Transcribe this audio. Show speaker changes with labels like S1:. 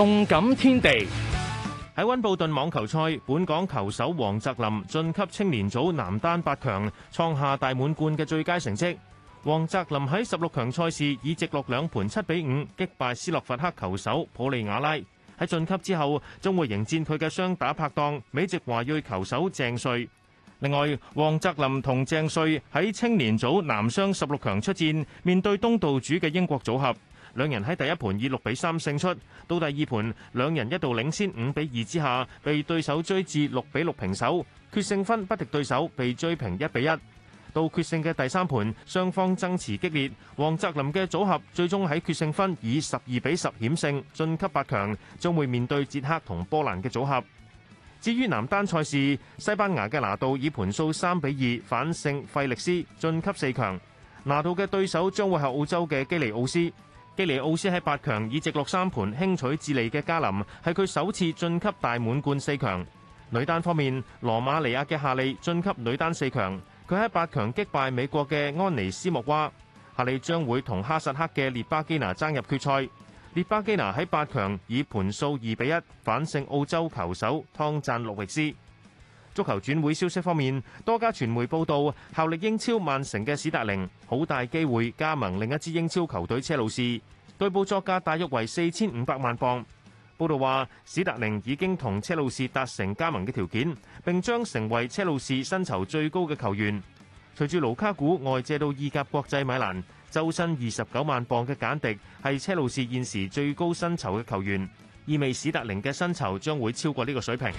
S1: 動感天地喺溫布頓網球賽，本港球手黃澤林晉級青年組男單八強，創下大滿貫嘅最佳成績。黃澤林喺十六強賽事以直落兩盤七比五擊敗斯洛伐克球手普利瓦拉，喺晉級之後將會迎戰佢嘅雙打拍檔美籍華裔球手鄭瑞。另外，黃澤林同鄭瑞喺青年組男雙十六強出戰，面對東道主嘅英國組合。兩人喺第一盤以六比三勝出，到第二盤兩人一度領先五比二之下，被對手追至六比六平手，決勝分不敵對手，被追平一比一。到決勝嘅第三盤，雙方爭持激烈，黃澤林嘅組合最終喺決勝分以十二比十險勝，晉級八強，將會面對捷克同波蘭嘅組合。至於男單賽事，西班牙嘅拿度以盤數三比二反勝費力斯，晉級四強。拿度嘅對手將會係澳洲嘅基尼奧斯。基尼奧斯喺八強以直落三盤輕取智利嘅加林，係佢首次晉級大滿貫四強。女單方面，羅馬尼亞嘅夏利晉級女單四強，佢喺八強擊敗美國嘅安妮斯莫娃。夏利將會同哈薩克嘅列巴基娜爭入決賽。列巴基娜喺八強以盤數二比一反勝澳洲球手湯贊諾維斯。足球轉會消息方面，多家傳媒報道效力英超曼城嘅史達寧好大機會加盟另一支英超球隊車路士，對報作價大約為四千五百萬磅。報道話，史達寧已經同車路士達成加盟嘅條件，並將成為車路士薪酬最高嘅球員。隨住盧卡古外借到意甲國際米蘭，周薪二十九萬磅嘅簡迪係車路士現時最高薪酬嘅球員，意味史達寧嘅薪酬將會超過呢個水平。